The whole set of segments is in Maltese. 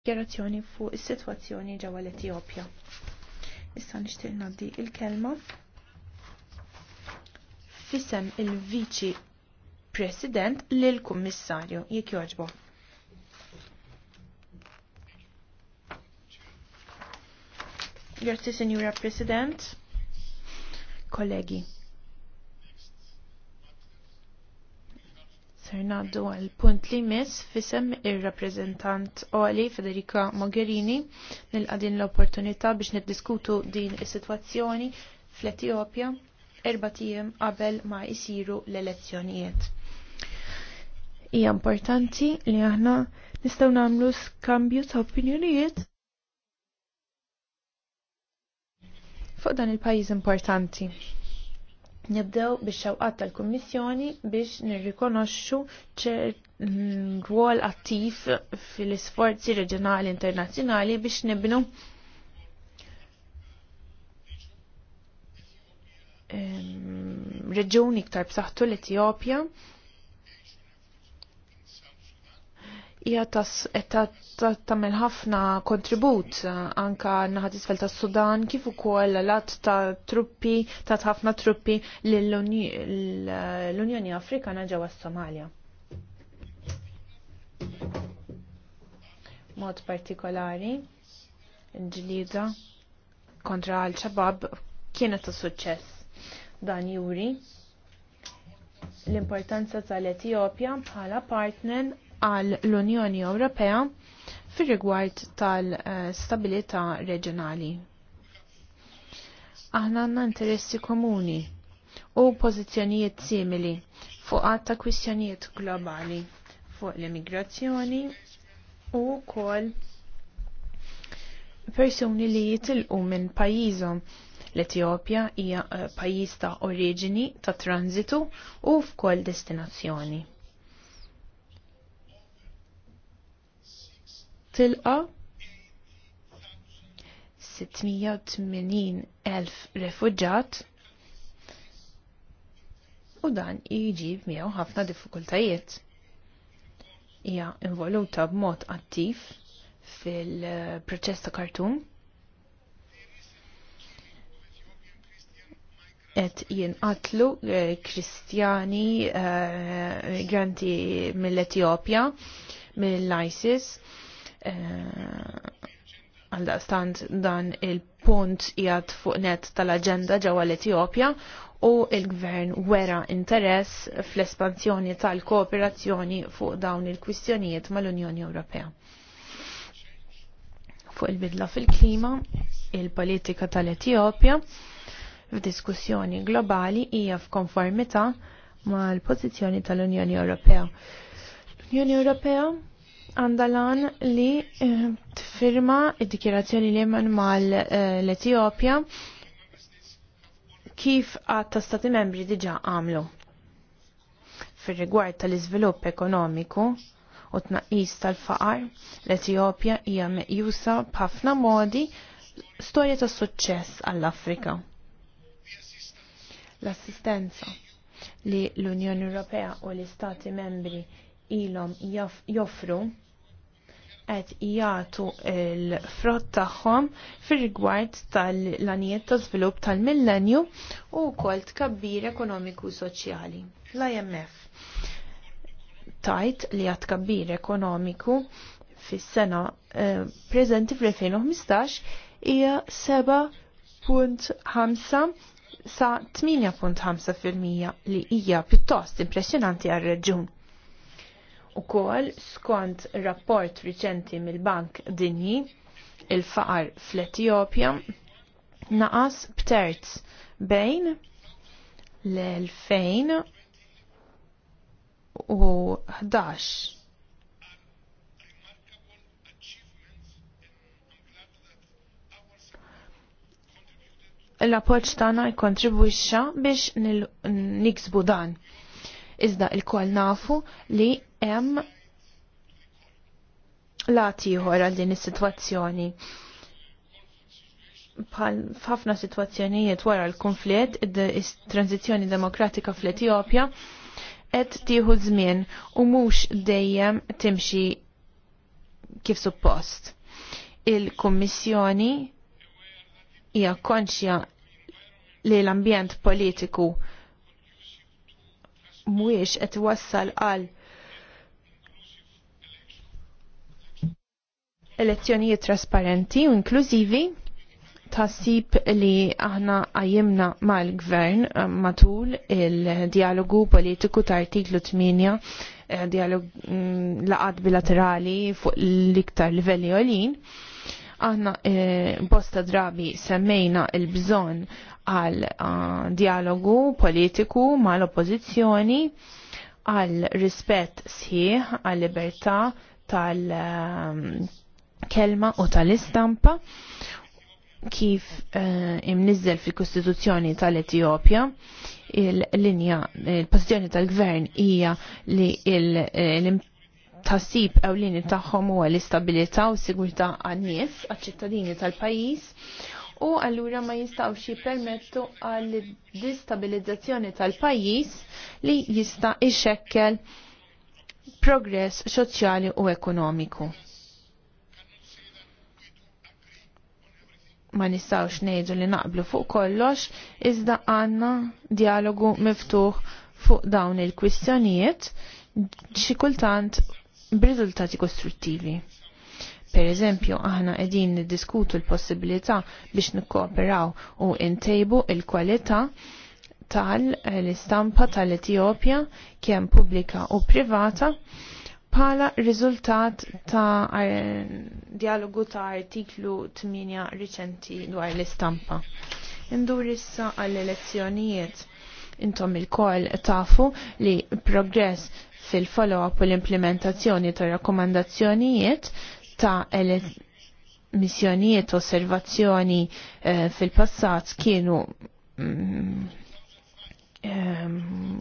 Dichiarazzjoni fuq is-sitwazzjoni ġewwa l-Etjopja. Issa nixtieq ngħaddi il-kelma fisem il-Viċi President lil kummissarju jekk jogħġbu. Grazie signora President, kollegi. Ser naddu għal punt li mis fisem ir-rappreżentant Oli Federica Mogherini nil għadin l-opportunità biex niddiskutu din is-sitwazzjoni fl etiopja erba' tiem qabel ma jisiru l-elezzjonijiet. Hija importanti li aħna nistgħu nagħmlu skambju ta' opinjonijiet fuq dan il-pajjiż importanti. Nibdew biex xewqat tal-Kummissjoni biex nirrikonoxxu mm, rwol attiv fil-isforzi reġjonali internazzjonali biex nibnu reġuni iktar b'saħħtu l-Etjopja hija tagħmel ħafna kontribut eh, anka naħat isfel tas Sudan kif ukoll lat ta' truppi ta' ħafna truppi l-Unjoni Afrikana ġewwa s-Somalja. Mod partikolari ġlida kontra għal ċabab kienet ta' suċċess. Dan juri l-importanza tal-Etjopja bħala partner għal l-Unjoni Ewropea fir rigward tal-stabilità reġjonali. Aħna għandna interessi komuni u pożizzjonijiet simili fuq ta' kwistjonijiet globali fuq l-immigrazzjoni u wkoll persuni li jitilqu minn pajjiżhom. L-Etjopja hija eh, pajjiż ta' oriġini ta' tranzitu u f'kol destinazzjoni. tilqa 680.000 refugġat u dan iġib miegħu ħafna diffikultajiet. Hija involuta b'mod attiv fil-proċess ta' Khartoum. Et jinqatlu eh, kristjani eh, migranti mill-Etjopja mill-ISIS Eh, għal stand dan il-punt jgħat fuq net tal-agenda ġewwa l-Etjopja u il-gvern wera interess fl-espansjoni tal-kooperazzjoni fuq dawn il-kwistjonijiet mal-Unjoni Ewropea. Fuq il-bidla fil-klima, il-politika tal-Etjopja f'diskussjoni globali hija f'konformità mal-pożizzjoni tal-Unjoni Ewropea. L-Unjoni Ewropea għandalan li eh, tfirma id-dikjerazzjoni li man mal-Etiopja eh, kif għad ta' stati membri diġa għamlu fir rigward tal-iżvilupp ekonomiku u tnaqqis tal-faqar, l-Etiopja hija meqjusa b'ħafna modi storja ta' suċċess għall-Afrika. L-assistenza li l-Unjoni Ewropea u l-Istati membri ilhom joffru qed jagħtu l-frott tagħhom fir-rigward tal-lanijiet ta' svilup tal-millenju u kol tkabbir ekonomiku soċjali. L-IMF tajt li għat kabbir ekonomiku fis-sena eh, preżenti fil 2015 hija 7.5 sa 8.5% li hija pjuttost impressjonanti għal-reġun kol skont rapport riċenti mill-Bank Dinji il-faqar fl-Etjopja naqas b'terz bejn l-2000 u 11. l-appoċ tagħna jkontribwixxa biex niksbu dan iżda il-kol nafu li hemm latiħor għal din is-sitwazzjoni. Bħal f'ħafna sitwazzjonijiet wara l-konflitt, is-tranzizzjoni demokratika fl-Etjopja qed tieħu żmien u mhux dejjem timxi kif suppost. Il-Kummissjoni hija konxja li l-ambjent politiku Mwiex qed wassal għal elezzjonijiet trasparenti u inklużivi tasib li aħna għajimna mal-gvern eh, matul il-dialogu politiku ta' artiklu 8, eh, dialog mm, laqad bilaterali fuq l-iktar livelli għolin. Aħna eh, bosta drabi semmejna il-bżon għal ah, dialogu politiku mal-oppozizjoni għal rispett sħiħ għal libertà tal-kelma eh, u tal-istampa kif eh, imnizzel fil-Kostituzzjoni tal-Etjopja il-linja, il-pozizjoni tal-gvern hija li tasib ewlieni tagħhom u l istabilita u sigurtà għan-nies, għaċ-ċittadini tal-pajjiż u allura ma jistgħux jippermettu għal distabilizzazzjoni tal-pajjiż li jista' ixekkel progress soċjali u ekonomiku. ma nistawx nejdu li naqblu fuq kollox, iżda għanna dialogu miftuħ fuq dawn il-kwistjonijiet, xikultant b'riżultati kostruttivi. Per eżempju, aħna qegħdin niddiskutu l-possibilità biex nikkooperaw u ntejbu il-kwalità tal-istampa tal-Etjopja kemm pubblika u privata bħala riżultat ta' dialogu ta' artiklu 8 riċenti dwar l-istampa. Indur issa għall-elezzjonijiet intom il-koll tafu li progress fil-follow-up u l-implementazzjoni ta' rakkomandazzjonijiet ta' missjonijiet osservazzjoni eh, fil-passat kienu mm, ehm,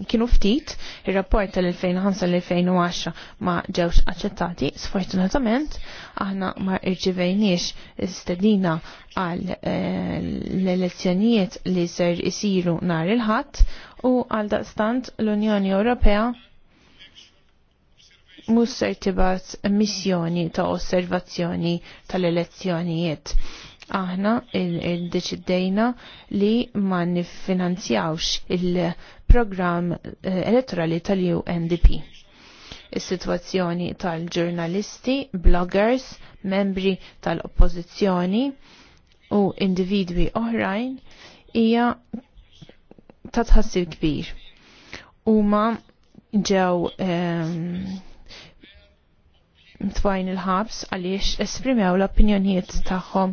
kienu ftit il-rapport tal-2005 2010 ma ġewx aċċettati, sfortunatament aħna ma irġivejniex istedina għal eh, l-elezzjonijiet li ser isiru nar il-ħadd u għal daqstant l-Unjoni Ewropea mhux ser missjoni ta' osservazzjoni tal-elezzjonijiet. Aħna il-deċiddejna li ma nifinanzjawx il-programm eh, elettorali tal-UNDP is-sitwazzjoni tal-ġurnalisti, bloggers, membri tal-oppożizzjoni u individwi oħrajn hija ta' tħassib kbir. Huma ġew ehm, mtwajn il-ħabs għaliex esprimew l-opinjonijiet tagħhom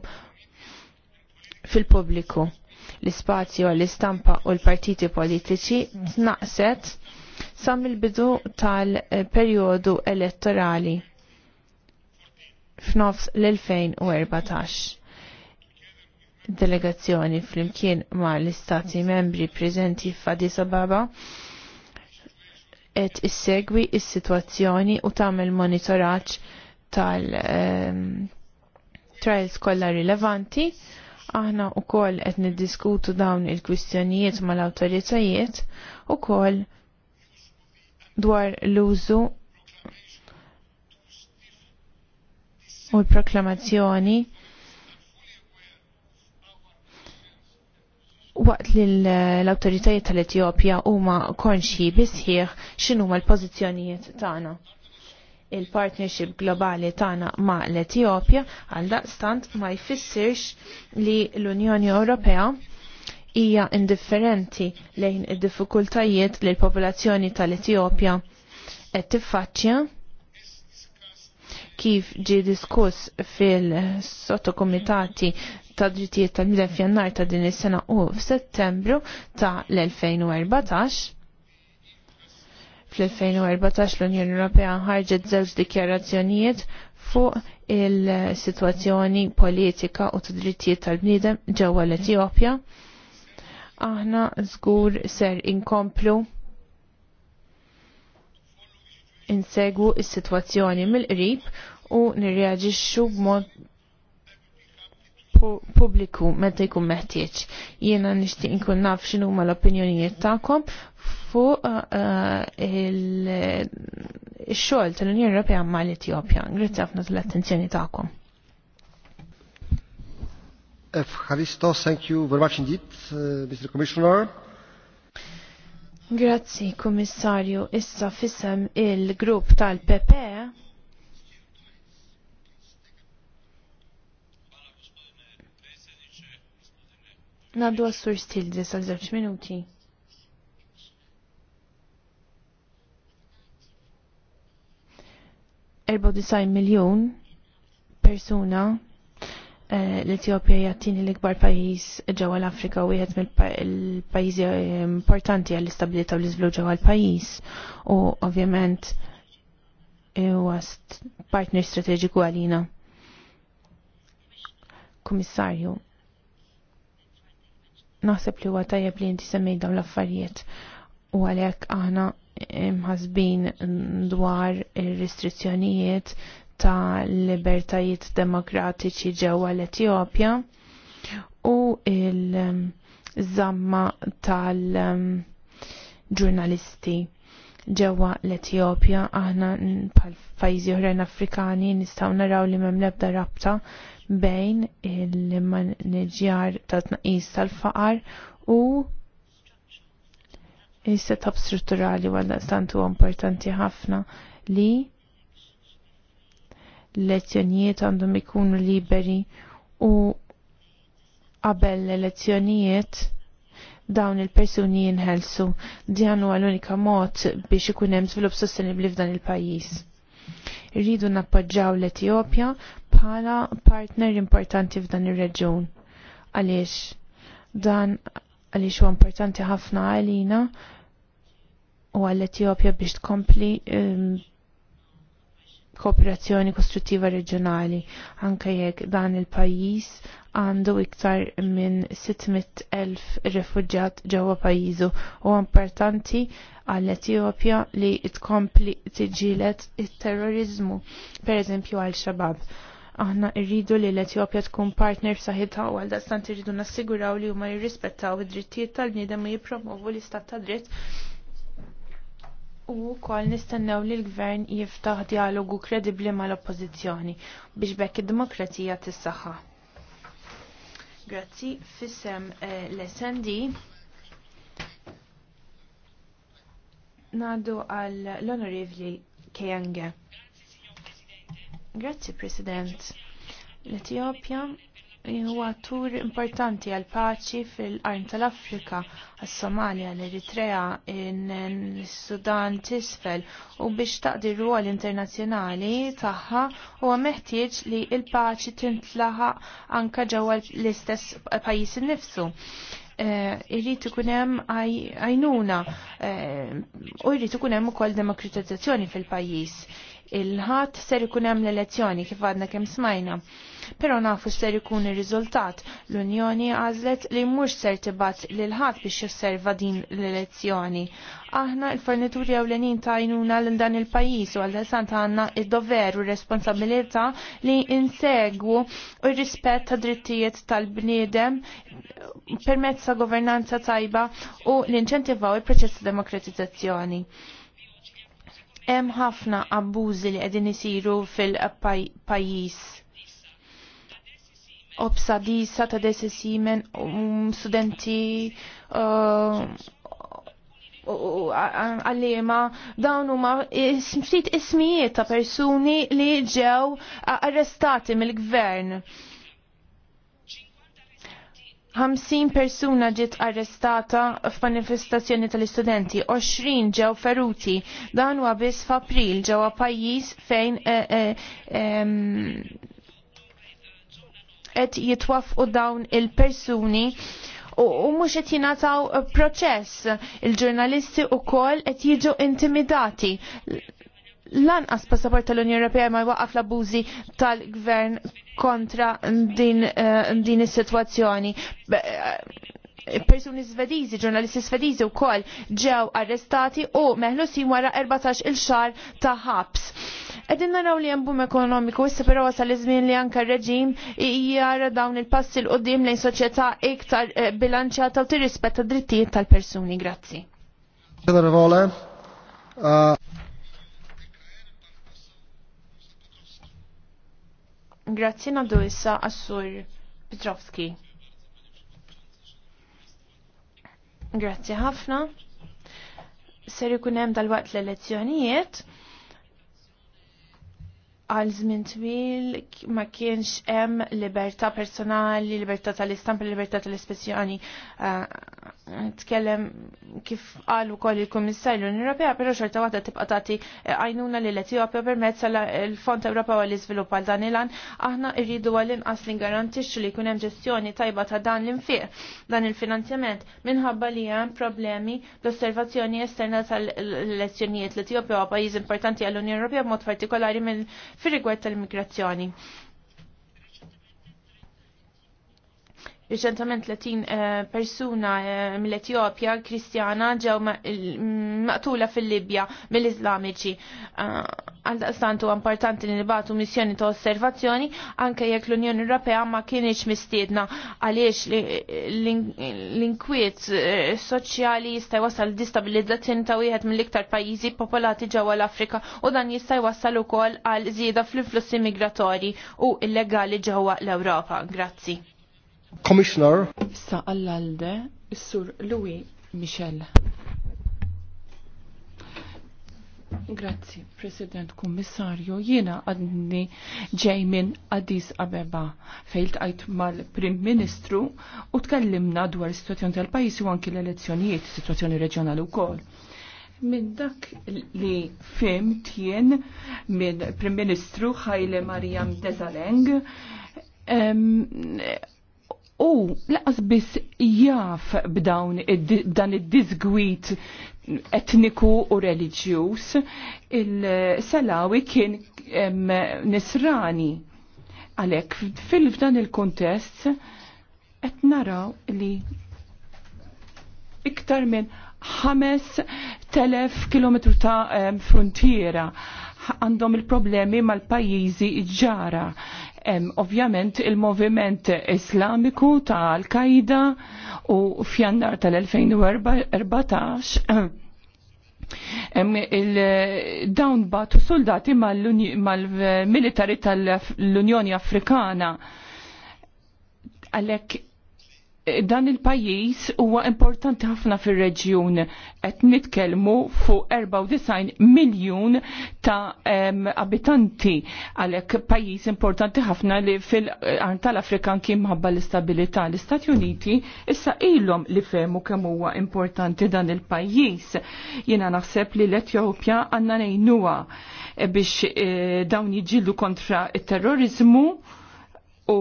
fil-pubbliku. L-ispazju għall-istampa u l-partiti politiċi tnaqset sam il-bidu tal-perjodu elettorali f'nofs l-2014 delegazzjoni flimkien ma l-istati membri prezenti f'Addis Ababa qed issegwi is-sitwazzjoni u tagħmel monitoraġġ tal ehm, trials kollha rilevanti. Aħna wkoll qed niddiskutu dawn il-kwistjonijiet mal-awtoritajiet ukoll dwar l-użu u l-proklamazzjoni waqt li l-autoritajiet tal-Etjopja huma konxi bisħieħ x'inhuma l-pożizzjonijiet tagħna. Il-partnership globali tagħna ma' l-Etjopja għal daqstant ma jfissirx li l-Unjoni Ewropea hija indifferenti lejn id-diffikultajiet li l-popolazzjoni tal-Etjopja qed tiffaċċja kif ġi diskuss fil-sottokomitati ta' drittijiet tal-bidem f'jannar ta' din is-sena u f'Settembru ta' l-2014. Fl-2014 l-Unjoni Ewropea ħarġet żewġ dikjarazzjonijiet fuq il-sitwazzjoni politika u ta' drittijiet tal-bniedem ġewwa l-Etjopja. Aħna żgur ser inkomplu insegwu is-sitwazzjoni mill-qrib u nirreaġixxu b'mod pubbliku meta jkun meħtieġ. Jiena nixtieq inkun naf x'inhu huma l-opinjonijiet tagħkom fuq uh, uh, il-xogħol tal-Unjoni Ewropea mal-Etjopja. Grazzi ħafna tal-attenzjoni tagħkom. thank you very much indeed, uh, Mr. Commissioner. Grazzi, Kummissarju. Issa fissem il-grupp tal-PP. E. Naddu għassur stildi sal żewġ minuti. disajn miljon persuna l-Etjopja jattini l-ikbar pajis ġewwa l-Afrika u wieħed mill-pajjiżi eh, importanti għall-istabilità u l-iżvilupp ġewwa l-pajjiż u ovvjament huwa partner strateġiku għalina. Kummissarju, naħseb li huwa tajjeb li inti semmej dawn l-affarijiet u għalhekk aħna imħasbin eh, dwar ir-restrizzjonijiet ta' libertajiet demokratiċi ġewwa l-Etjopja u il-żamma tal-ġurnalisti ġewwa l-Etjopja aħna bħal pajjiżi oħrajn Afrikani nistgħu naraw li m'hemm l-ebda rabta bejn il-maneġjar ta' tnaqqis tal-faqar u il-setup strutturali għal stantu importanti ħafna li l-elezzjonijiet għandhom ikunu liberi u qabel l-elezzjonijiet dawn il-persuni jinħelsu. Dijan huwa l-unika mod biex ikun hemm żvilupp sostenibbli f'dan il-pajjiż. Irridu nappoġġaw l-Etjopja bħala partner importanti f'dan ir-reġjun. Għaliex dan għaliex huwa importanti ħafna għalina u għall-Etjopja biex tkompli ehm, kooperazzjoni kostruttiva reġjonali anke jekk dan il-pajjiż għandu iktar minn 600,000 refuġjat ġewwa pajjiżu u importanti għall etjopja li tkompli tiġilet it-terrorizmu, pereżempju għal xabab. Aħna rridu li l-Etjopja tkun partner f'saħħitha u għal daqstant irridu nassiguraw li huma jirrispettaw id-drittijiet tal-bniedem u jippromovu l-istat ta' dritt U kol nistennew li l-gvern jiftaħ dialogu kredibli mal-oppozizjoni biex bekk id-demokrazija tissaħħa. Grazzi, fissem eh, l-SND. Nadu għal l onorivli Kejange. Grazzi, President. L-Etiopja huwa tur importanti għal paċi fil-qarn tal-Afrika, għas somalia l-Eritrea, in-Sudan tisfel u biex taqdi rwol internazzjonali tagħha huwa meħtieġ li l-paċi tintlaħa anka ġewwa l-istess pajjiż innifsu. Eh, irrid ikun hemm għajnuna eh, u jrid ikun hemm ukoll demokratizzazzjoni fil-pajjiż il-ħat ser ikun hemm l-elezzjoni kif għadna kemm smajna. Però nafu ser ikun ir-riżultat. L-Unjoni għażlet li mhux ser tibgħat lil ħadd biex josserva din l-elezzjoni. Aħna l-fornituri ewlenin tajnuna l dan il-pajjiż u għal-desant għandna id-dover u responsabilità li insegwu u rispett ta' drittijiet tal-bniedem permezz ta' governanza tajba u l-inċentivaw il-proċess demokratizzazzjoni. Hemm ħafna abbużi li qegħdin isiru fil-pajjiż. Obsa disa ta' desisimen, um, studenti uh, għallima dawn huma ftit ismijiet ta' persuni li ġew arrestati mill-gvern 50 persuna ġiet arrestata f'manifestazzjoni tal-istudenti, 20 ġew feruti, dan huwa biss f'April ġewwa pajjiż fejn eh, eh, qed jitwaffqu dawn il-persuni u mhux qed jingħataw proċess. Il-ġurnalisti wkoll qed jiġu intimidati lanqas passaport tal-Unjoni Ewropea ma jwaqaf l-abużi tal-gvern kontra din, uh, din is-sitwazzjoni. Eh, persuni svedizi, ġurnalisti svedizi u koll ġew arrestati u meħlusin wara 14 il-xar ta' ħabs. Edin naraw li jambum ekonomiku, issa pero wasal li żmien li anka reġim jara dawn il-passi l-qoddim lejn soċjetà iktar eh, bilanċata u tirrispetta drittijiet tal-persuni. Grazzi. Grazzi naddu issa għassur Petrovski. Grazzi ħafna. Ser ikun hemm dal-waqt l-elezzjonijiet għal żmien twil ma kienx hemm libertà personali, libertà tal-istampa, libertà tal-espressjoni. Uh, tkellem kif qal ukoll il-Kummissarju l-Unjoni Ewropea, però xorta waħda tibqa' tagħti eh, għajnuna lil etjopja permezz għall fond Ewropew għall-Iżvilupp għal dan il-an, aħna rridu għall-inqas li ngarantixxu li jkun hemm ġestjoni tajba ta' dan l-infiq dan il-finanzjament minħabba li hemm problemi l-osservazzjoni esterna tal-elezzjonijiet l-Etjopja huwa pajjiż importanti għall-Unjoni Ewropea b'mod partikolari fir-rigward tal-immigrazzjoni. Riċentament 30 eh, persuna eh, mill-Etjopja kristjana ġew maqtula fil-Libja mill-Islamiċi. Eh, Għaldaqstant huwa importanti li nibatu missjoni ta' osservazzjoni anke jekk l-Unjoni Ewropea ma kienx mistiedna għaliex l-inkwiet soċjali jista' jwassal distabilizzazzjoni ta' wieħed mill-iktar pajjiżi popolati ġewwa l-Afrika u dan jista' jwassal ukoll għal żieda fl-influssi migratorji u illegali ġewwa l-Ewropa. Grazzi. Commissioner. Issa għall-alde, Sur Louis Michel. Grazzi, President Kummissarju. Jiena għadni ġejmin Addis Abeba fejn tqajt mal-Prim Ministru u tkellimna dwar is-sitwazzjoni tal pajis u anki l-elezzjonijiet, is-sitwazzjoni reġjonali wkoll. Minn dak li fim tien minn Prim Ministru Ħajle Mariam Dezaleng, u laqas biss jaf b'dawn dan id-disgwit etniku u reliġjuż il-Salawi kien nisrani. Għalek, fil-fdan il-kontest, qed naraw li iktar minn 5,000 km ta' frontiera għandhom il-problemi mal-pajjiżi ġara. Ovvjament il-moviment islamiku ta' Al-Qaida u fjannar tal-2014 il-dawn batu soldati mal-militari mal militari tal unjoni Afrikana għalek dan il-pajis huwa importanti ħafna fir-reġjun qed nitkellmu fuq 94 miljun ta' um, abitanti għalhekk pajjiż importanti ħafna li fil-qarn tal-Afrika kien mħabba l-istabilità. L-Istati Uniti issa ilhom li fehmu kemm huwa importanti dan il-pajjiż. Jiena naħseb li l-Etjopja għandna ngħinuha e, biex eh, dawn jiġilu kontra it-terrorizmu u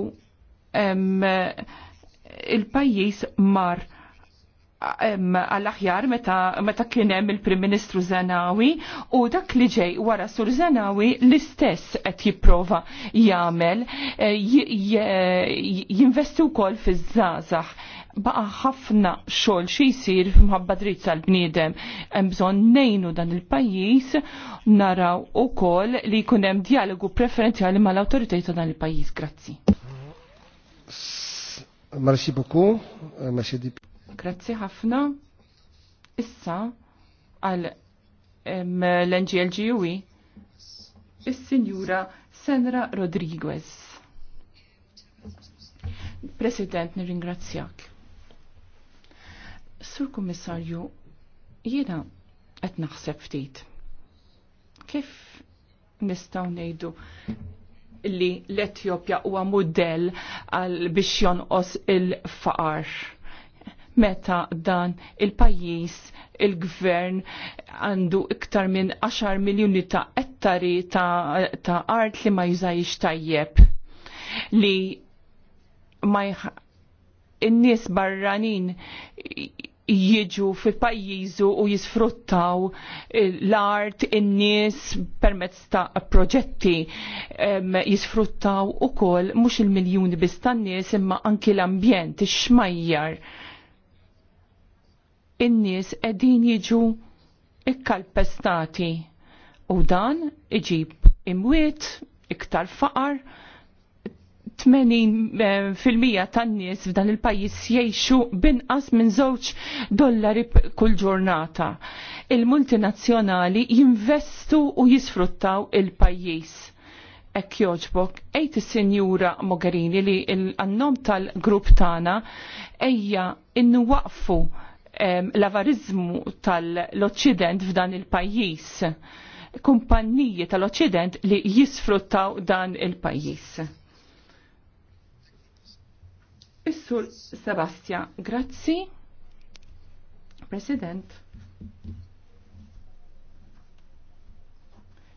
em, il-pajjiż mar għall-aħjar meta, meta kien hemm il-Prim Ministru Zanawi, u dak li ġej wara sur Zanawi l-istess qed jipprova jagħmel eh, jinvesti wkoll fiż-żgħażagħ baqa ħafna xogħol xi jsir mħabba dritt tal-bniedem. Hemm bżonn nejnu dan il-pajjiż naraw ukoll li jkun hemm dialogu preferenzjali mal-awtoritajiet ta' dan il-pajjiż. Grazzi. Merci beaucoup, euh, monsieur Dip. Grazzi ħafna. Issa għal l-NGLGUI il sinjura Senra Rodriguez. President, nirringrazzjak. Sur Kommissarju, jiena qed naħseb ftit. Kif nistgħu ngħidu li l-Etjopja huwa mudell għal biex jonqos il-faqar. Meta dan il-pajjiż il-gvern għandu iktar minn 10 miljoni ta' ettari ta', ta art li ma jużajx tajjeb li ma in-nies barranin jiġu fil-pajjiżu u jisfruttaw l-art, in-nies permezz ta' proġetti jisfruttaw ukoll mhux il-miljuni biss tan-nies imma anki l-ambjent xmajjar In-nies qegħdin jiġu ikkalpestati u dan iġib imwiet, iktar faqar 80% tan-nies f'dan il-pajjiż jgħixu binqas minn żewġ dollari kull ġurnata. Il-multinazzjonali jinvestu u jisfruttaw il-pajjiż ek joġbok, ejt is sinjura Mogherini li l-annom tal-grupp tana ejja innu waqfu l-avarizmu tal-Occident f'dan il pajjiż kumpanniji tal-Occident li jisfruttaw dan il pajjiż Is-sur Sebastia, grazzi. President.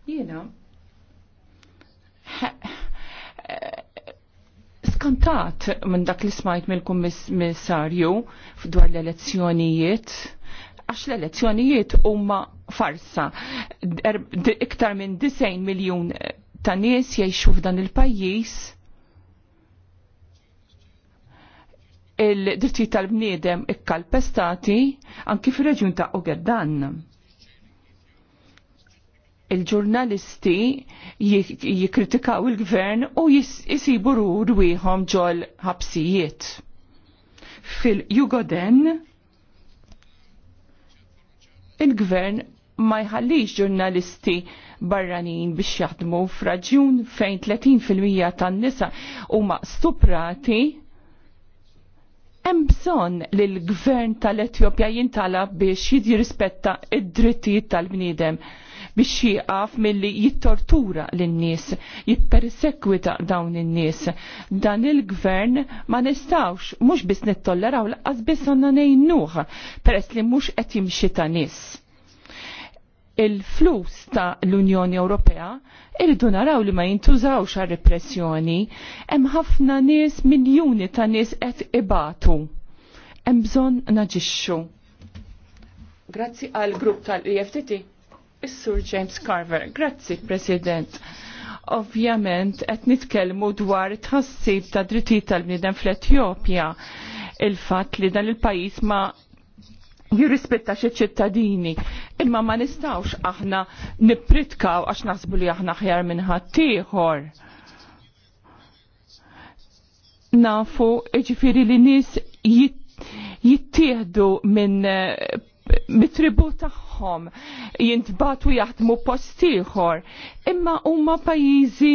Jiena skantat minn dak li smajt mill-kummissarju dwar l-elezzjonijiet għax l-elezzjonijiet huma farsa. Er, iktar minn 90 miljun ta' nies jgħixu f'dan il-pajjiż il-dritti tal-bniedem ikkalpestati anki fir-reġjun ta' Ogeddan. Il-ġurnalisti jikkritikaw il-gvern u jisibu wieħom ġol ħabsijiet. Fil-Jugoden, il-gvern ma jħallix ġurnalisti barranin biex jaħdmu f'raġjun fejn 30% tan-nisa huma stuprati hemm bżonn li l-gvern tal-Etjopja jintalab biex jirrispetta id-drittijiet tal-bniedem biex jieqaf milli jittortura l-nies, jippersekwita dawn in-nies. Dan il-gvern ma nistawx mhux biss nittolleraw l biss għandna nejnuħ, peress li mhux qed jimxi ta' nies il-flus ta' l-Unjoni Ewropea irridu naraw li ma jintużawx għal repressjoni hemm ħafna nies miljuni ta' nies qed ibatu. Hemm bżonn naġixxu. Grazzi għal grupp tal-EFTT. Is-Sur James Carver. Grazzi, President ovvjament qed nitkellmu dwar tħassib ta' drittijiet tal-bniedem fl-Etjopja il-fatt li dan il-pajjiż ma jirrispetta xie ċittadini. Imma ma nistawx aħna nipritkaw għax nasbu li aħna ħjar minn ħaddieħor. Nafu ġifiri li nis jittieħdu minn eh, mitribu taħħom tagħhom jintbatu jaħdmu postiħor. Imma huma pajjiżi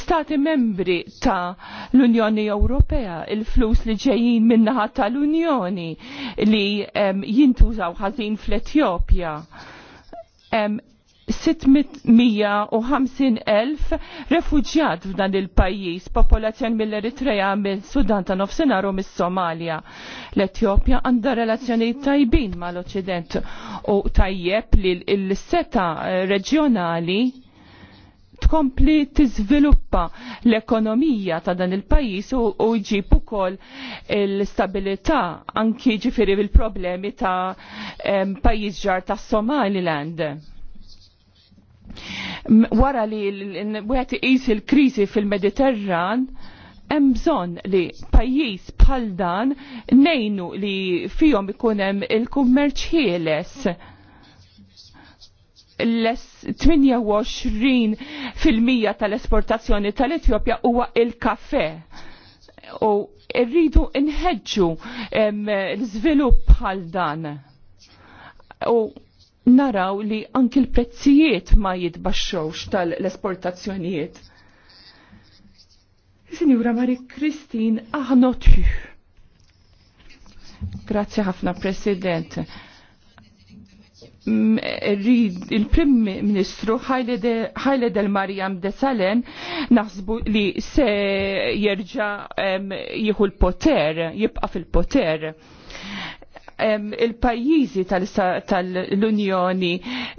stati membri ta' l-Unjoni Ewropea, il-flus li ġejjin minnaħa tal-Unjoni li jintużaw ħażin fl-Etjopja 650.000 refugjat f'dan il-pajjiż, popolazzjoni mill-Eritrea, mill-Sudan ta' nofsinhar u mis-Somalja. L-Etjopja għandha relazzjoni tajbin mal-Oċident u tajjeb li l-seta reġjonali tkompli tiżviluppa l-ekonomija ta' dan il-pajis u jġib ukoll l istabilità anki ġifiri il problemi ta' pajis ġar ta' Somaliland Wara li wieħed iqis il-kriżi fil-Mediterran, hemm bżonn li pajjiż bħal dan nejnu li fihom ikun hemm il-kummerċ ħieles l-28% tal-esportazzjoni tal-Etjopja huwa il-kafe. U rridu nħeġġu l-żvilupp bħal dan. U naraw li anki l-prezzijiet ma jitbaxxewx tal-esportazzjonijiet. Sinjura Marie Kristin Arnotu. Grazie ħafna, President. Il-Prim Ministru Haile del Mariam de Salen naħsbu li se jerġa jieħu l-poter, jibqa fil-poter il-pajjiżi tal-Unjoni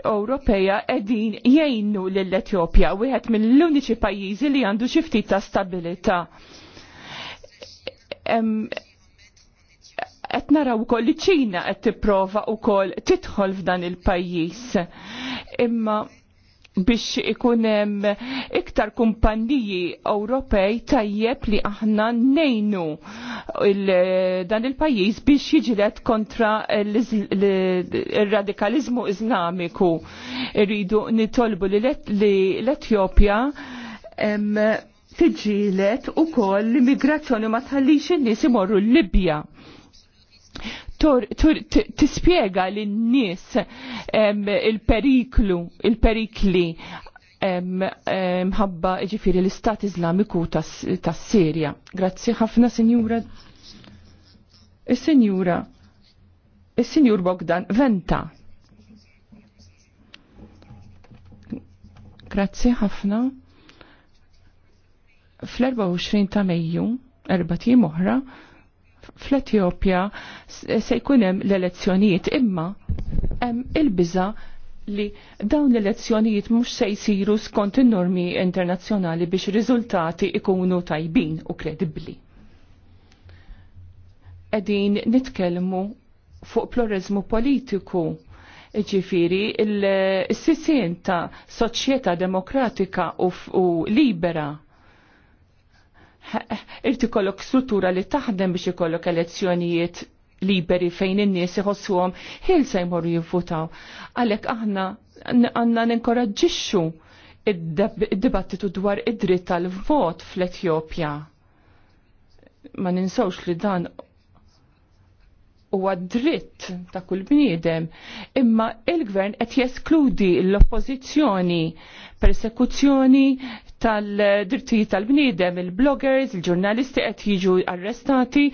Ewropea qegħdin jgħinu lill-Etjopja wieħed mill-uniċi pajjiżi li għandu xi ftit ta' stabilità. Qed naraw ukoll li ċina qed tipprova wkoll tidħol f'dan il-pajjiż. Imma biex ikun hemm iktar kumpanniji Ewropej tajjeb li aħna nejnu il dan il-pajjiż biex jiġilet kontra il-radikalizmu iżlamiku. Irridu nitolbu li l-Etjopja tiġilet ukoll l-immigrazzjoni ma tħallix in-nies imorru l-Libja tispjega lin-nies il-periklu, il-perikli mħabba ġifiri l-Istat Islamiku tas Sirja. Grazzi ħafna, Sinjura. il sinjura is-Sinjur Bogdan, venta. Grazzi ħafna. Fl-24 ta' Mejju, erba' oħra, fl-Etjopja se jkun hemm l-elezzjonijiet imma hemm il-biża li dawn l-elezzjonijiet mhux se jsiru skont in-normi internazzjonali biex riżultati ikunu tajbin u kredibbli. Qegħdin nitkellmu fuq pluralizmu politiku ġifiri il-sisien ta' soċjetà demokratika u libera irti kollok struttura li taħdem biex ikollok elezzjonijiet liberi fejn in-nies iħossuhom ħilsa jmorru jivvutaw. Għalhekk aħna għandna ninkoraġġixxu id-dibattitu dwar id-dritt tal-vot fl-Etjopja. Ma ninsawx li dan huwa dritt ta' kull bniedem, imma il-gvern qed jeskludi l-oppożizzjoni, persekuzzjoni tal-drittijiet tal-bniedem, il-bloggers, il-ġurnalisti qed jiġu arrestati,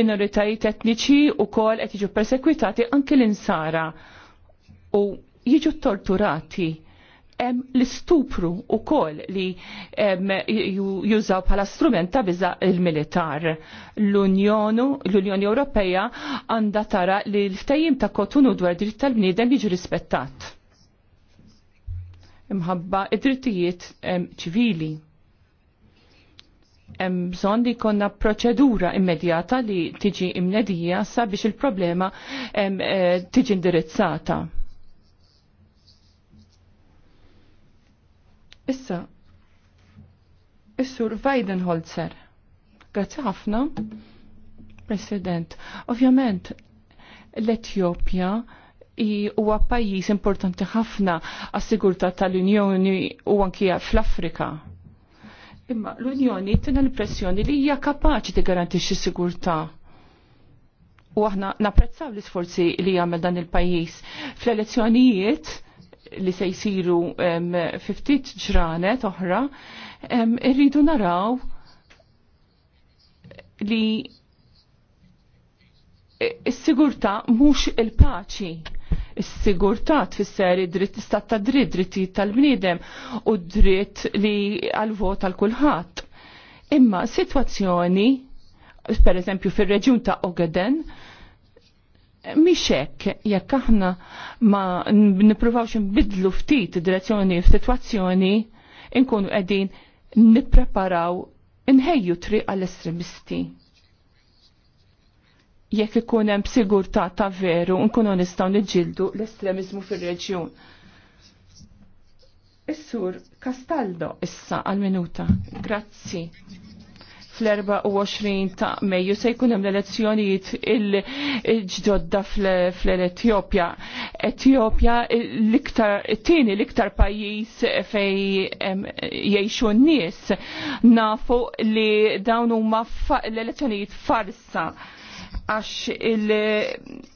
minoritajiet etniċi u kol qed jiġu persekwitati anke l-insara u jiġu torturati l-istupru u kol li jużaw bħala strument ta' biza il-militar. L-Unjoni Ewropeja għanda tara li l-ftajim ta' kotunu dwar dritt tal-bniedem jiġi rispettat. Imħabba id-drittijiet ċivili. Hemm bżonn li jkollna proċedura immedjata li tiġi imnedija sabiex il-problema eh, tiġi indirizzata Issa, Is-sur Weidenholzer. Grazzi ħafna, President. Ovvjament, l-Etjopja huwa pajjiż importanti ħafna għas-sigurtà tal-Unjoni u anki fl-Afrika. Imma l-Unjoni tina l-impressjoni li hija kapaċi tigarantixxi sigurtà. U aħna napprezzaw l-isforzi li jagħmel dan il-pajjiż. Fl-elezzjonijiet li se jisiru ftit ġranet oħra, irridu naraw li s-sigurta mhux il-paċi. is sigurta tfisser id-dritt istat ta' dritt, drittijiet tal-bniedem u dritt li għal-vot għal kulħadd. Imma sitwazzjoni per eżempju fir-reġjun ta' Ogaden, Mixek, jekk aħna ma nipruvawx nbidlu ftit direzzjoni f'sitwazzjoni, inkunu qegħdin nippreparaw inħejju triq għall-estremisti. Jekk ikun hemm sigurtà ta' veru, nkunu nistgħu niġġieldu l estremizmu fir-reġjun. Is-sur Castaldo issa għal-minuta. Grazzi fl-24 ta' Mejju se jkun hemm l-elezzjonijiet il-ġdodda fl-Etjopja. Etjopja l-iktar tieni l-iktar pajjiż fej jgħixu n-nies nafu li dawn huma l-elezzjonijiet farsa għax il-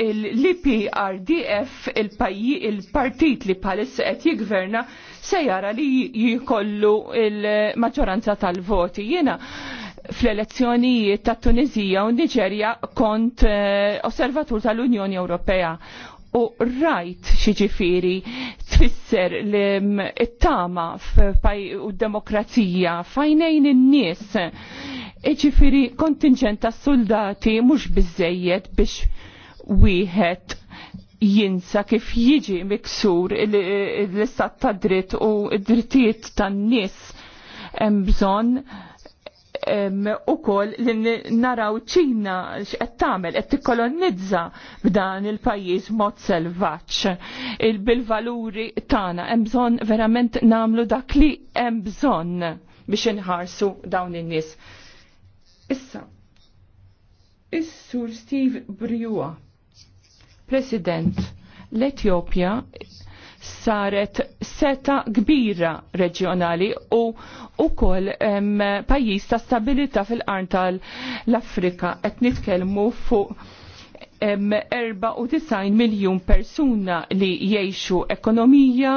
l-IPRDF il-partit li palis qed jigverna se jara li jikollu il-maġġoranza tal-voti. Jiena fl-elezzjonijiet ta' Tunizija u Niġerja kont eh, osservatur tal-Unjoni Ewropea u rajt xiġifiri tfisser l-tama u d-demokrazija fajnejn in-nies. Iġifiri kontingent ta' soldati mhux biżejjed biex wieħed jinsa kif jiġi miksur l-istat ta' dritt u drittijiet tan-nies hemm bżonn u kol li naraw ċina xqed tagħmel qed tikkolonizza b'dan il-pajjiż mod selvaġġ. Bil-valuri tagħna hemm bżonn verament nagħmlu dak li hemm bżonn biex inħarsu dawn in-nies. Issa, is-sur Steve Briwa. President, l-Etjopja saret seta kbira reġjonali u koll pajjiż ta' stabilità fil-qarn tal-Afrika qed nitkellmu fuq 94 miljon persuna li jiexu ekonomija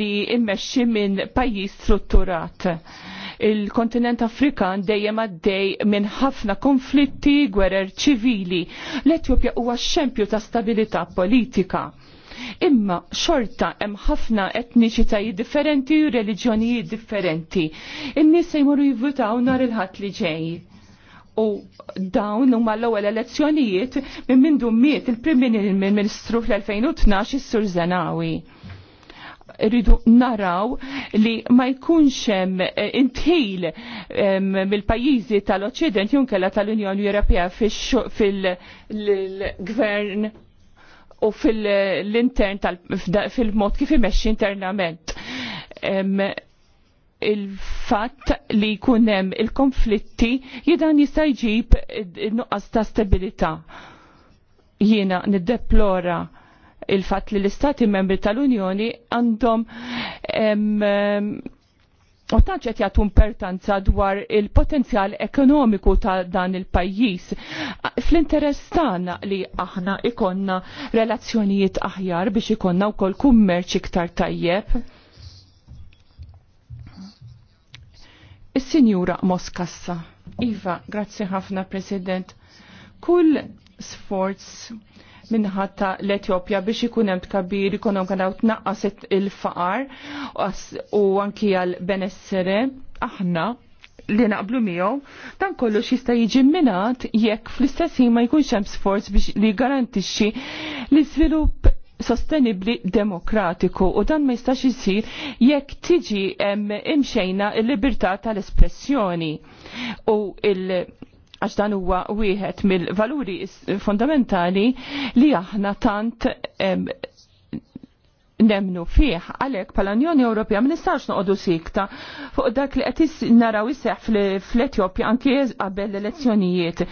li immexxi minn pajjiż strutturat. Il-kontinent Afrikan dejjem għaddej minn ħafna konflitti, gwerer ċivili. L-Etjopja huwa xempju ta' stabilità politika. Imma xorta hemm ħafna etniċitajiet differenti u reliġjonijiet differenti. In-nies se jmorru jivvutaw nhar il-ħadd li ġej u dawn huma l-ewwel elezzjonijiet minn mindu miet il-Prim Ministru fl-2012 is-Sur Zenawi rridu naraw li ma jkunx hemm eh, intil mill-pajjiżi tal-Oċċident junkella tal-Unjoni Ewropea fil-gvern u fil-intern fil-mod kif imexxi internament il-fatt li jkunem il-konflitti jidan jista' jġib eh, nuqqas ta' stabilità. Jiena niddeplora il-fat li l-istati membri tal-Unjoni għandhom u tanċet jgħatu importanza dwar il-potenzjal ekonomiku ta' dan il-pajjiż. Fl-interess tagħna li aħna ikonna relazzjonijiet aħjar biex ikonna wkoll kummerċ iktar tajjeb. Is-Sinjura Moskassa. Iva, grazzi ħafna President. Kull sforz minħatta l-Etjopja biex ikun hemm tkabbir ekonomika kanaw tnaqqas il-faqar u anki għal benessere aħna li naqblu miegħu dan kollu jista' jiġi minat jekk fl-istess ma jkunx hemm sforz biex li garantixxi l żvilupp sostenibli demokratiku u dan ma jistax isir jekk tiġi imxejna l-libertà tal-espressjoni u il- għax dan huwa wieħed mill-valuri fondamentali li aħna tant em, nemnu fih għalek pala unjoni Ewropea ma nistax noqogħdu sikta fuq dak li qed naraw iseħħ fl-Etjopja anki qabel l-elezzjonijiet.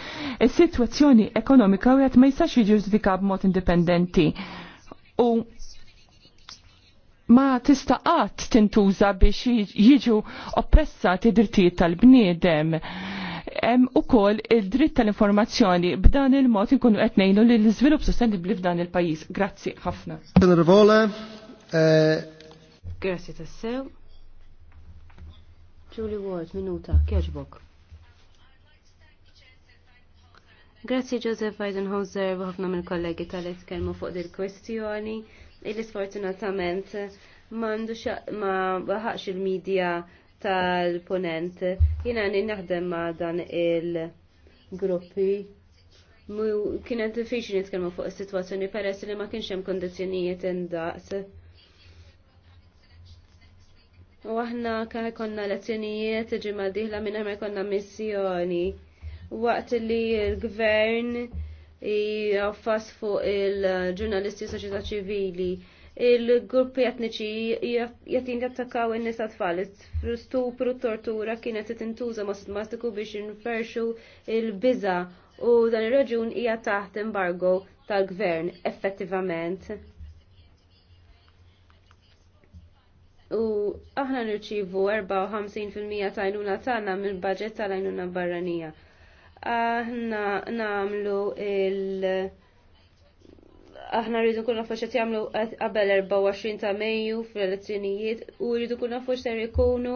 Is-sitwazzjoni ekonomika wieħed ma jistax jiġġustifika b'mod indipendenti. U ma tista' qatt tintuża biex jiġu oppressati drittijiet tal-bniedem hemm ukoll il-dritt tal-informazzjoni b'dan il-mod inkunu qed ngħidu li l-iżvilupp sostenibbli f'dan il-pajjiż. Grazzi ħafna. Eh, Grazzi tassew. Julie Ward, minuta, kieġbok. Grazzi Joseph Weidenhauser u ħafna mill kollegi tal-itkellmu fuq dil-kwestjoni illi sfortunatament ma ma ħaqx il-medja tal-ponent. Jina għani naħdem ma' dan il-gruppi. Kienet diffiċli nitkellmu fuq is-sitwazzjoni peress li ma kienx hemm kondizzjonijiet indaqs. U aħna kan konna lezzjonijiet ġimma diħla minn hemm konna missjoni. Waqt li l-gvern jaffass fuq il-ġurnalisti soċjetà ċivili il-gruppi etniċi jatin jattakaw in nisa tfal. Stupru tortura kienet tintuża mastiku biex inferxu il-biza u dan ir-raġun hija taħt embargo tal-gvern effettivament. U aħna nirċivu 54% ta' għajnuna tagħna mill-budget tal-għajnuna barranija. Aħna namlu il- aħna rridu nkunu nafu xed jagħmlu qabel 24 ta' Mejju fl-elezzjonijiet u rridu nkunu nafu x'ser ikunu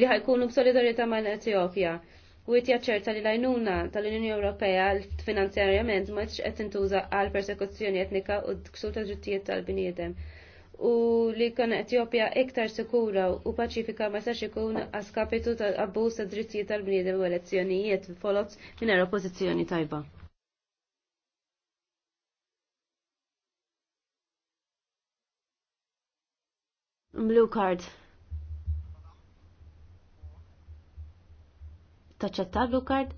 li ħajkunu b'solidarjetà mal etjopja U qed jaċċerta li l-għajnuna tal-Unjoni Ewropea finanzjarjament ma tx qed tintuża għal persekuzzjoni etnika u ksur ta' ġittijiet tal-bniedem. U li kan Etjopja iktar sikura u paċifika ma sax ikun għaskapitu tal-abbuż ta' drittijiet tal-bniedem u elezzjonijiet folot minn oppożizzjoni tajba. blue card. Taċċetta blue card?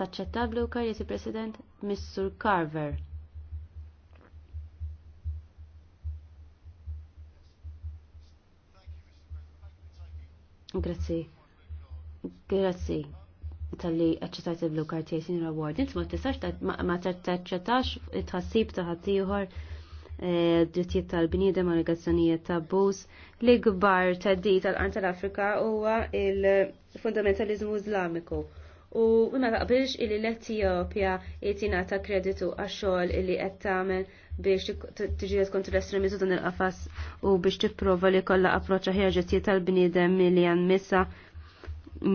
Taċċetta blue card, jesi President? Mr. Carver. Grazzi. Grazzi tal-li għacċetajt il-blu kartijaj sinjura Ward. Inti ma tistax ma taċċetax it-ħassib taħat tiħor Eh, drittijiet tal-bniedem u negazzjonijiet ta' bus. Li gbar ta' di tal qan tal-Afrika huwa il-fundamentalizmu Islamiku. U ma taqbilx illi l etiopja jitina ta' kreditu għax-xogħol illi qed tagħmel biex tiġiet kontra l estremizu dan il-qafas u biex tipprova li kollha approċċa ħerġetijiet tal-bniedem li għan missa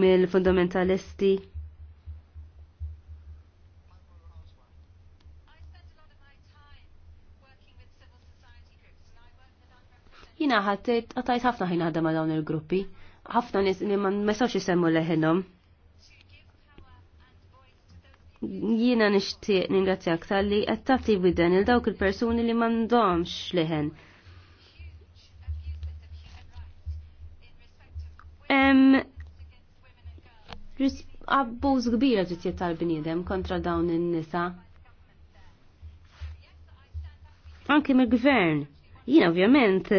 mill-fundamentalisti Jina ħattet, għatajt ħafna ħin għadda ma dawn il-gruppi. ħafna nis li ma messawx jisemmu leħinom. Jina nishtiq ningrazzja aktar li għattati bidden il-dawk il-personi li domx leħen. Em, abbuż gbira ġittiet tal-bniedem kontra dawn in-nisa. Anki mill-gvern. jiena ovvjament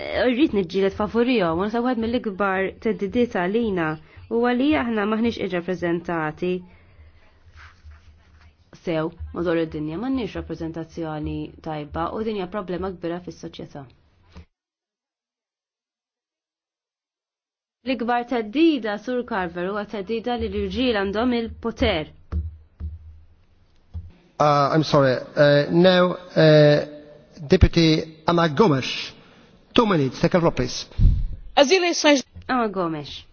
rrit nġilet favorijom, u nasab mill-ikbar teddidieta lina u għali aħna maħnix irrapprezentati sew madwar id-dinja, maħnix rappresentazzjoni tajba u dinja problema kbira fis soċjetà L-ikbar teddida sur Carver għat teddida li l-irġiel għandhom il-poter. Uh, I'm sorry, uh, now uh, Deputy Anna Two minutes, take a roll, please. As eleições. Ana Gomes.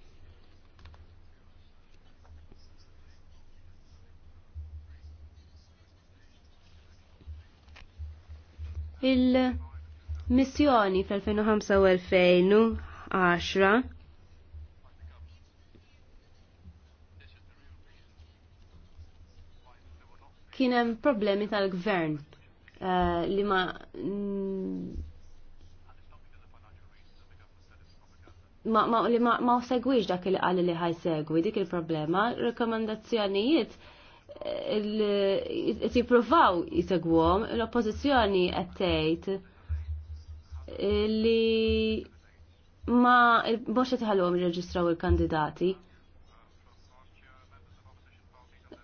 Il-missjoni fl-2005 u 2010 kien hemm problemi tal-gvern uh, li ma ma, ma, li ma, ma segwix dak li għalli li ħaj segwi, dik il-problema, rekomendazzjonijiet eh, provaw jisegwom, l-oppozizjoni tgħid eh, li ma boċa tħallum jirreġistraw il-kandidati.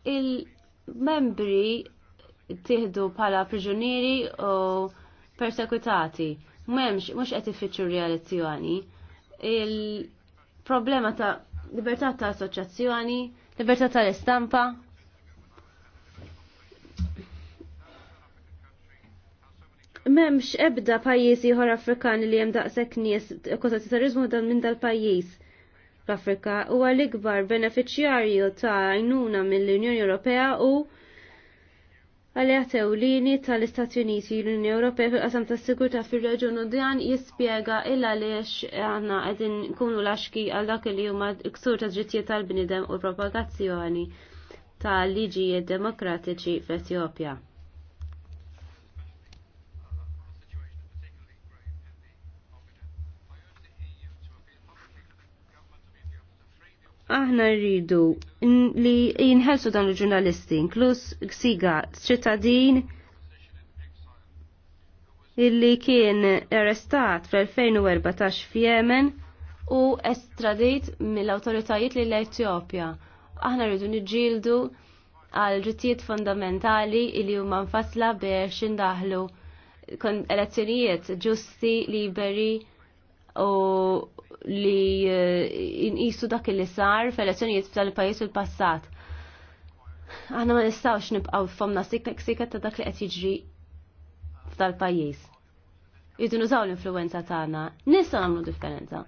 Il-membri tiħdu pala priġunieri u persekutati. m'hemmx mhux qed ifittxu reazzjoni il-problema ta' libertà ta' assoċjazzjoni, libertà tal-istampa. Memx ebda pajjiżi ieħor Afrikan li hemm daqshekk nies kota terrorizmu dan minn dal-pajjiż l-Afrika huwa l-ikbar beneficjarju ta' għajnuna mill-Unjoni Ewropea u għalija ewlieni tal-Istati Uniti l-Unjoni Ewropea fil qasam tas-sigurtà fir-reġjun u dan jispjega il għaliex għandna qegħdin nkunu laxki għal dak li huma ksur ta' drittijiet tal-bniedem u propagazzjoni tal-liġijiet demokratiċi fl-Etjopja. aħna rridu li jinħelsu dan il-ġurnalisti, inklus ksiga ċittadin illi kien arrestat fl-2014 f'Jemen u estradit mill-autoritajiet li l-Etjopja. Aħna rridu niġġieldu għal ġittijiet fondamentali illi huma nfasla biex indaħlu elezzjonijiet ġusti, liberi, u li eh, inqisu dak li sar f'elezzjonijiet tal-pajjiż u l-passat. Aħna ma nistgħux nibqgħu fomna siknek siket ta' dak li qed jiġri f'tal-pajjiż. Jidu nużaw l-influenza tagħna, nista' nagħmlu differenza.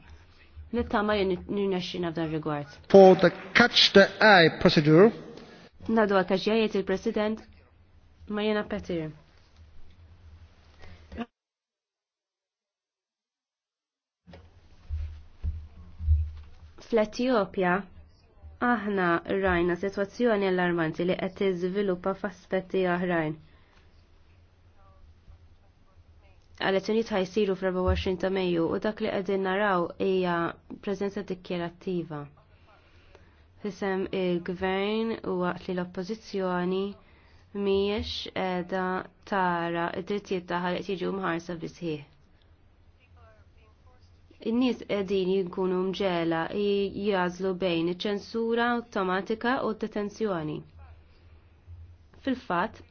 Nittama ma nirnexxina f'dan rigward. For the catch the eye procedure. Nadu għal kaġġajiet il-President ma jena Petir. Fl-Etjopja aħna rajna sitwazzjoni allarmanti li qed tiżviluppa f'aspetti oħrajn. Elezzjonijiet ħajsiru fl-24 ta' Mejju u dak li qegħdin naraw hija preżenza dikjerattiva. Fisem il-gvern u waqt li l-oppożizzjoni miex qiegħda tara id-drittijiet tagħha li jiġu mħarsa bisħieħ in-nies qegħdin jinkunu mġela jażlu bejn iċ-ċensura awtomatika u detenzjoni. Fil-fatt,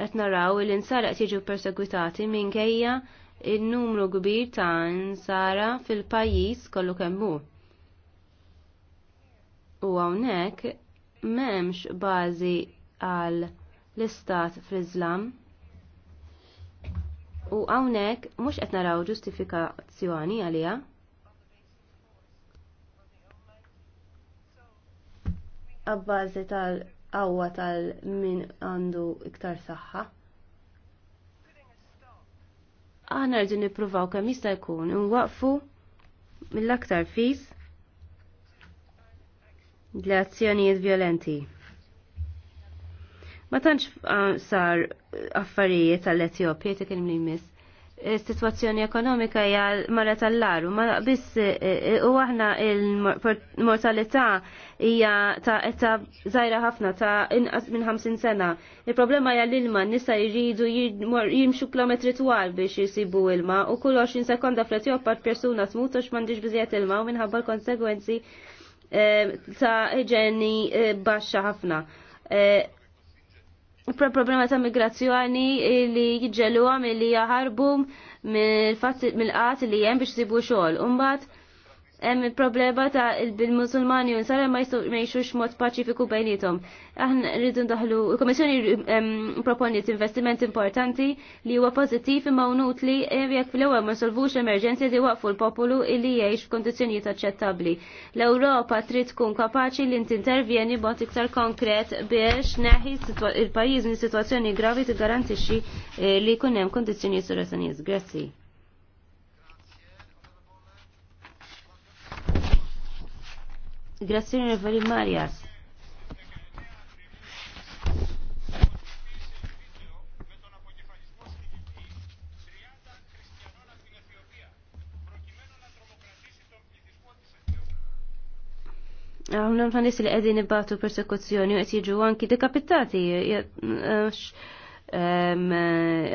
qed naraw li nsaraq jiġu persegwitati minkejja il-numru kbir ta' nsara fil-pajjiż kollu kemm hu. U hawnhekk m'hemmx bażi għal l-istat fl-Iżlam u hawnhekk mhux qed naraw ġustifikazzjoni għalija. Abbażi tal-qawwa tal min għandu iktar saħħa. Aħna rridu nippruvaw kemm jista' jkun nwaqfu mill-aktar fis l-azzjonijiet violenti. Ma tantx ah, sar eh, affarijiet tal-Etjopja ta' kien miss. Eh, situazzjoni ekonomika hija mara tal-laru, ma biss eh, u aħna il-mortalità hija ta' età żgħira ħafna ta' inqas minn 50 sena. Il-problema hija l-ilma nisa jridu jimxu kilometri twal biex jisibu ilma u kull 20 sekonda fl-Etjopja persuna tmut għax m'għandix biżjed ilma u minħabba l-konsegwenzi ta' ġeni baxxa ħafna problema ta' migrazzjoni li jġeluha milli jaħarbu mill mill-qat li hemm biex sibu xogħol. Umbat, hemm il-problema ta' bil-Musulmani u nsara ma jgħixux mod paċifiku bejnietom. Aħna rridu ndaħlu, il-Komissjoni proponiet investiment importanti li huwa pożittiv imma unut li jekk fl-ewwel ma solvux emerġenzi li waqfu l-popolu illi jgħix f'kondizzjonijiet aċċettabbli. L-Ewropa trid tkun kapaċi li tintervjeni b'mod iktar konkret biex neħi il-pajjiż minn situazzjoni gravi tiggarantixxi eh, li jkun hemm kondizzjonijiet sur Grazzi. Grazie mille per il Marias. Għamna mħanis li għedin ibbatu persekuzzjoni u għet jiġu għanki dekapitati. Eh,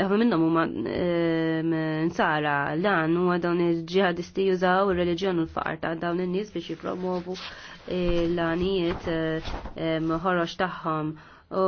ħafna minnhom huma nsara dan huwa dawn il-ġihadisti jużaw ir-reliġjon u l-faqar ta' dawn in-nies biex jippromovu l-għanijiet eh, ħoroġ tagħhom.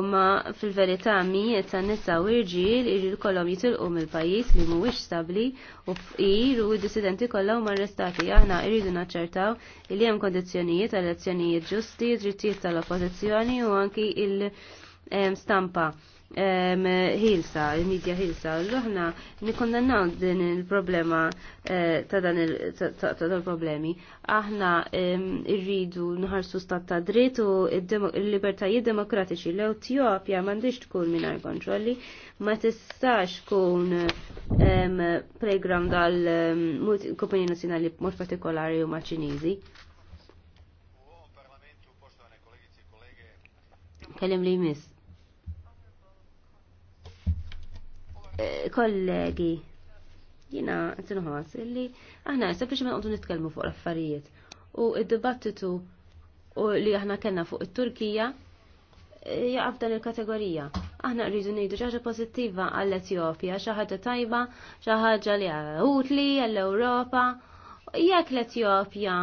Ma fil-verità mijiet ta' nisa u irġiel irġiel kollhom jitilqu mill-pajjiż li mhuwiex stabbli u fqir u dissidenti kollha huma arrestati. Aħna rridu naċċertaw li hemm kondizzjonijiet elezzjonijiet ġusti, drittijiet tal-oppożizzjoni u anki il-stampa ħilsa, il-medja ħilsa, l-ħna nikondannaw din il-problema eh, ta' dan il-problemi. Aħna irridu nħarsu stat ta' dritt u il-libertajiet demokratiċi l Etjopja mandiġ tkun minar kontrolli, ma tistax tkun program dal kumpanji nazjonali mod partikolari u maċinizi. Kellim li jmiss. kollegi, jina t-nħas, illi aħna sempliċement għodu nitkellmu fuq l-affarijiet u id-dibattitu li aħna kellna fuq it-Turkija eh, jaqaf dan il-kategorija. Aħna rridu nidu xaħġa ħaġa pożittiva għall-Etjopja, xi ħaġa tajba, xi ħaġa li utli għall-Ewropa. Jekk l-Etjopja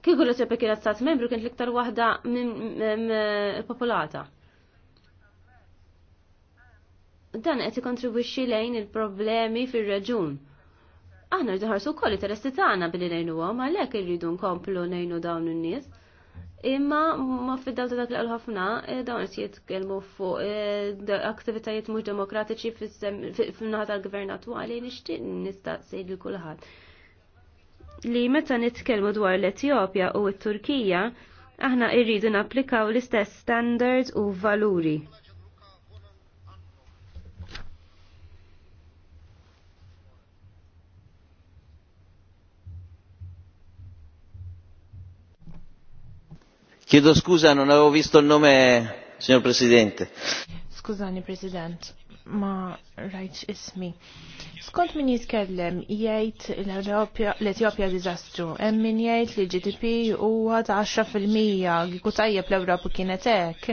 kieku l-Etjopja kienet stat membru kienet l-iktar waħda popolata dan qed ikontribwixxi lejn il-problemi fir-reġun. Aħna rridu ħarsu wkoll interessi tagħna billi ngħinuhom għalhekk irridu nkomplu ngħinu dawn in-nies. Imma ma fid-daw ta' dak li ħafna eh, dawn qed jitkellmu fuq eh, aktivitajiet mhux demokratiċi fin-naħa tal-gvern attwali nixtieq nistaqsej lil kulħadd. Li meta nitkellmu dwar l-Etjopja u t-Turkija, aħna irridu napplikaw l-istess standards u valuri Chiedo scusa, non avevo visto il nome, signor Presidente. Scusani, President, ma rajtx ismi. Skont min jitkellem jgħid l-Etjopja diżastru, hemm min jgħid li GDP huwa ta' 10% kieku tajjeb l-Ewropa kienet hekk.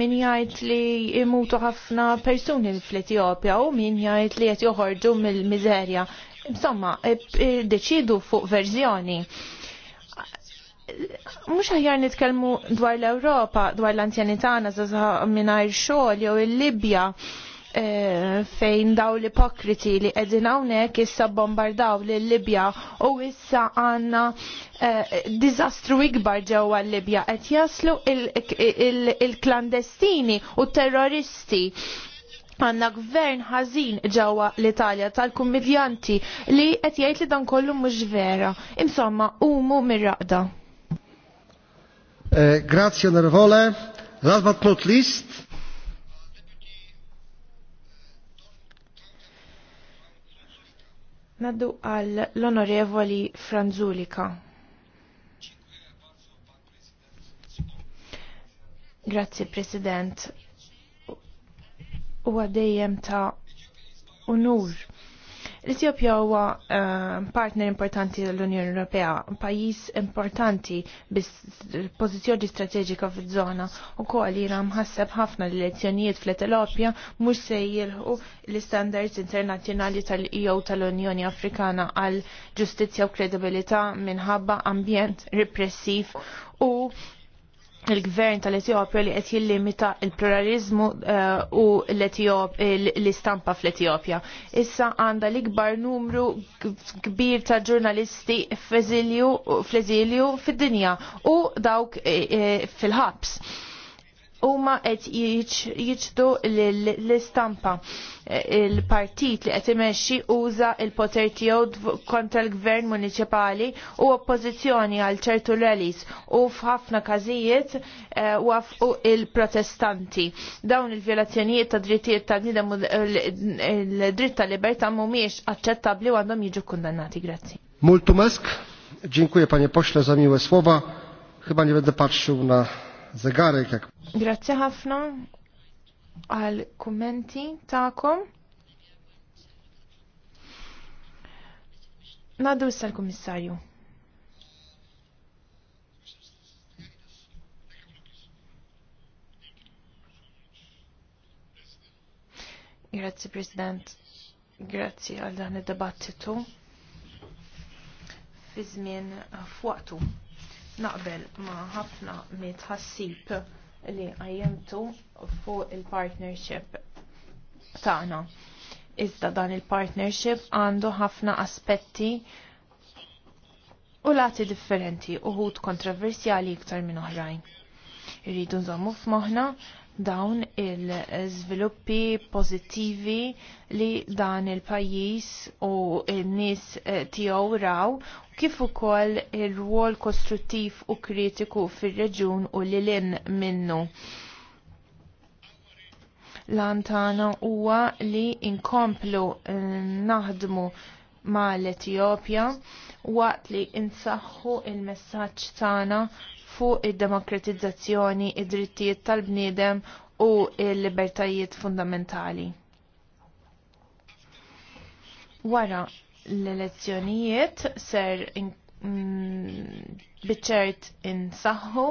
Min jgħid li jmutu ħafna persuni fl-Etjopja u min jgħid li qed joħorġu mill-miżerja. Insomma, e, e, deċidu fuq verżjoni mux ħajjar nitkelmu dwar l-Europa, dwar l-anzjanitana, zaza minnajr xol, jew il-Libja, e, fejn daw l-ipokriti li edin hawnhekk issa bombardaw l Libja u issa għandna e, dizastru ikbar ġewwa l-Libja qed jaslu il-klandestini u terroristi għanna gvern ħażin ġewwa l-Italja tal-kummedjanti li qed jgħid li dan kollu mhux vera. Insomma, umu mir-raqda. E, grazie onorevole. Last but not least. Naddu għal l-onorevoli Franzulika. Grazie President. U għadejjem ta' unur L-Etjopja huwa eh, partner importanti l-Unjoni Ewropea, pajjiż importanti bis-pożizzjoni strateġika fiż-żona u koll jira mħasseb ħafna l-elezzjonijiet fl-Etjopja mhux se jilħu l-istandards internazzjonali tal-EU tal-Unjoni Afrikana għal ġustizzja u kredibilità minħabba ambjent repressiv u il-gvern tal-Etjopja li qed jillimita il-pluralizmu eh, u l-istampa fl-Etjopja. Issa għandha l-ikbar numru kbir ta' ġurnalisti fl-eżilju fid-dinja u dawk eh, eh, fil-ħabs huma qed jiġdu l-istampa. E, il-partit li qed imexxi uża l poter tiegħu kontra l-gvern municipali u oppożizzjoni għal ċertu relis u f'ħafna każijiet e, wafqu il-protestanti. Dawn il-vjolazzjonijiet ta' drittijiet ta' nidem l dritt ta' libertà mhumiex aċċettabbli u għandhom jiġu kundannati. Grazzi. Multumesk, dziękuję panie pośle za miłe słowa. Chyba nie będę patrzył na zegarek Grazie Grazzi ħafna għal kummenti ta'kom. Naddu s l-Kummissarju. Grazzi President, grazzi għal dan id-dibattitu fi żmien eh, f'waqtu naqbel ma ħafna mitħassib li għajjemtu fuq il-partnership tagħna. Iżda dan il-partnership għandu ħafna aspetti u lati differenti uħud kontroversjali iktar minn oħrajn. Irridu nżommu f'moħħna dawn il-żviluppi pozittivi li dan il-pajjiż u n-nies eh, tiegħu raw kif ukoll ir-rwol kostruttiv u kritiku fir-reġun u lilin minnu lantana huwa li inkomplu eh, naħdmu mal-Etjopja waqt li insaħħu il-messaġġ tagħna fuq id-demokratizzazzjoni, id-drittijiet tal-bniedem u l-libertajiet fundamentali. Wara l-elezzjonijiet ser mm, biċert insaħħu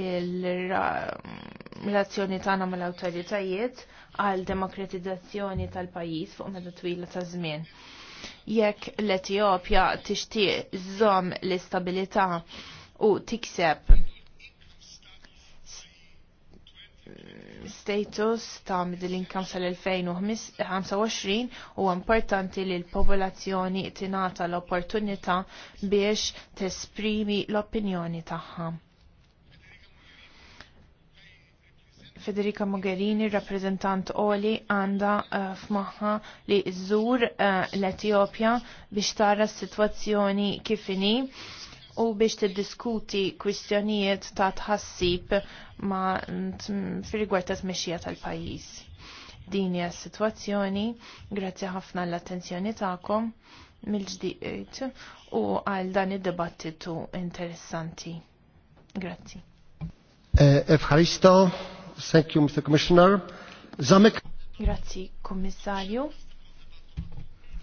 il-relazzjoni tagħna mal-awtoritajiet għal demokratizzazzjoni tal-pajjiż fuq meta twila ta' żmien. Jekk l-Etjopja tixtieq żomm l-istabilità u tikseb status ta' middle income sal-2025 u importanti li l-popolazzjoni tingħata l-opportunità biex tesprimi l-opinjoni tagħha. Federica Mogherini, rappresentant Oli, għanda eh, f'maħħa li żżur eh, l etiopja biex tara s-sitwazzjoni kifini u biex tiddiskuti kwistjonijiet ta' tħassib ma' fil-rigward ta' tmexxija tal-pajjiż. Din hija s-sitwazzjoni, grazzi ħafna l-attenzjoni tagħkom mill ġdijiet u għal dan id-dibattitu interessanti. Grazzi. Efħaristo, eh, thank you Mr. Commissioner. Zamek. Grazzi, Kommissarju.